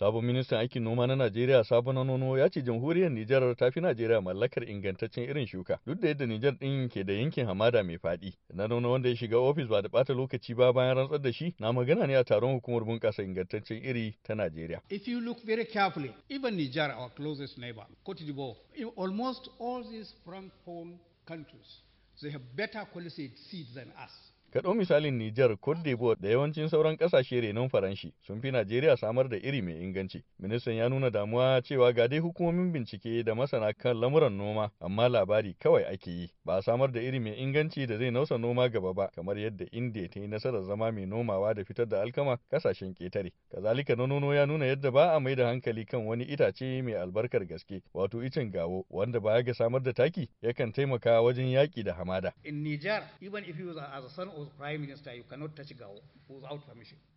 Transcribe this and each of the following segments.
Sabon ministan aikin noma na Najeriya sabon na Nono ya ce jamhuriyar Nijar ta fi Najeriya mallakar ingantaccen irin shuka duk da yadda Nijar ɗin ke da yankin hamada mai faɗi. Na Nono wanda ya shiga ofis ba da ɓata lokaci ba bayan rantsar da shi na magana ne a taron hukumar bunƙasa ingantaccen iri ta Najeriya. If you look very carefully, even Nijar our closest neighbor, Cote d'Ivoire, almost all these francophone countries, they have better quality seeds than us. Ka misalin Nijar, Cote d'Ivoire da yawancin sauran ƙasashe renon Faranshi sun fi Najeriya samar da iri mai inganci. Ministan ya nuna damuwa cewa ga dai hukumomin bincike da masana kan lamuran noma, amma labari kawai ake yi. Ba a samar da iri mai inganci da zai nausa noma gaba ba, kamar yadda Indiya ta yi nasarar zama mai nomawa da fitar da alkama ƙasashen ƙetare. Kazalika nono ya nuna yadda ba a mai da hankali kan wani itace mai albarkar gaske, wato icen gawo, wanda baya ga samar da taki yakan taimaka wajen yaƙi da hamada. In prime minister you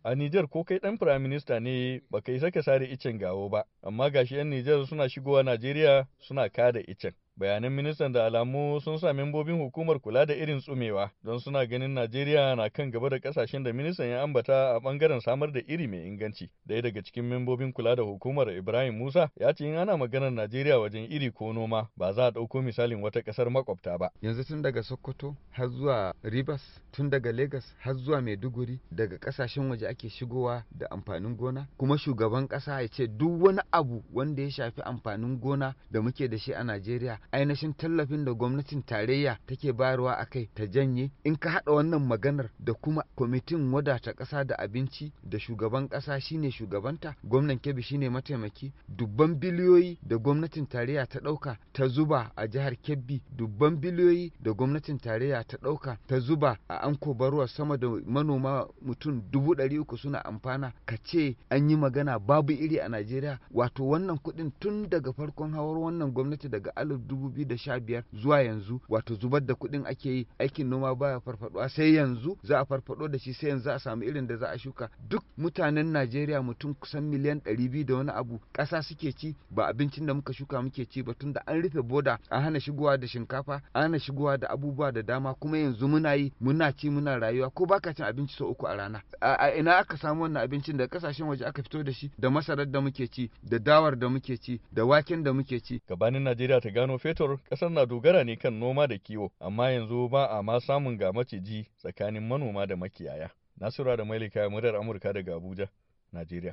a Nijar ko kai dan prime minister ne baka yi saka sare icen gawo ba amma gashi yan Nijar suna shigowa Najeriya suna kada icen bayanan ministan da alamu sun sa membobin hukumar kula da irin tsumewa don suna ganin najeriya na kan gaba da kasashen da ministan ya ambata a bangaren samar da iri mai inganci daya daga cikin membobin kula da hukumar ibrahim musa ya ce in ana maganar najeriya wajen iri ko noma ba za a ɗauko misalin wata ƙasar makwabta ba yanzu tun daga sokoto har zuwa rivers tun daga lagos har zuwa maiduguri daga kasashen waje ake shigowa da amfanin gona kuma shugaban ƙasa ya ce duk wani abu wanda ya shafi amfanin gona da muke da shi a najeriya ainihin tallafin da gwamnatin tarayya take bayarwa a kai ta janye in ka haɗa wannan maganar da kuma kwamitin wadata ƙasa da abinci da shugaban ƙasa shine shugabanta gwamnan kebbi shine mataimaki dubban biliyoyi da gwamnatin tarayya ta ɗauka ta zuba a jihar kebbi dubban biliyoyi da gwamnatin tarayya ta ɗauka ta zuba a anko baruwa sama da manoma mutum dubu ɗari uku suna amfana ka ce an yi magana babu iri a najeriya wato wannan kuɗin tun daga farkon hawar wannan gwamnati daga alif 2015 zuwa yanzu wato zubar da kuɗin ake yi aikin noma baya farfaɗuwa sai yanzu za a farfaɗo da shi sai yanzu a samu irin da za a shuka duk mutanen Najeriya mutum kusan miliyan 200 da wani abu ƙasa suke ci ba abincin da muka shuka muke ci ba tunda an rufe boda an hana shigowa da shinkafa an hana shigowa da abubuwa da dama kuma yanzu muna yi muna ci muna rayuwa ko baka cin abinci sau uku a rana a ina aka samu wannan abincin da kasashen waje aka fito da shi da masarar da muke ci da dawar da muke ci da waken da muke ci gabanin Najeriya ta gano fetur ƙasar na dogara ne kan noma da kiwo amma yanzu ba a ma samun ga maciji tsakanin manoma da makiyaya. Nasura da Mailika murar Amurka daga Abuja, Najeriya.